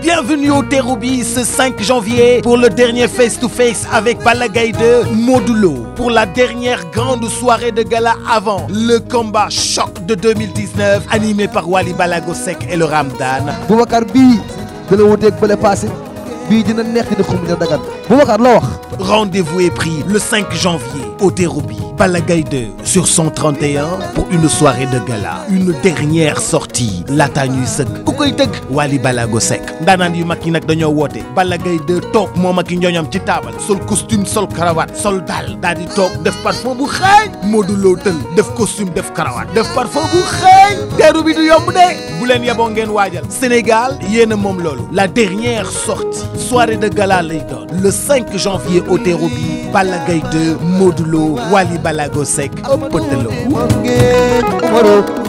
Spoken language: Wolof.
bienvenue au Terrou-Bi ce 5 janvier pour le dernier face-to-face avec Balla Gaye 2 Modou pour la dernière grande soirée de gala avant le combat choc de 2019 animé par Wally Balago Seck et le Ramdan. Boubacar bii dana wuteeg bële passé bii dina neex dina xum dina dagan Boubacar loo Rendez-vous est pris le 5 janvier au Terrou-Bi. Balla Gaye 2 sur son 31 pour une soirée de gala une dernière sortie laataa ñuy sëgg ku koy tëgg Wally Ballago Seck ndaanaan yu mag yi nag dañoo woote Balla Gaye 2 toog moom ak i ñoñom ci taabal sol costume sol karawaat sol daal daal di toog def parfum bu xeeñ Modou Lo tël def costume def karawaat def parfum bu xeeñ teeru bi du yomb de bu leen yeboo ngeen waajal Sénégal yéen a moom loolu la dernière sortie soirée de gala lay doon le 5 janvier au Terrou-Bi Balla Gaye Balago Seck ëppatalo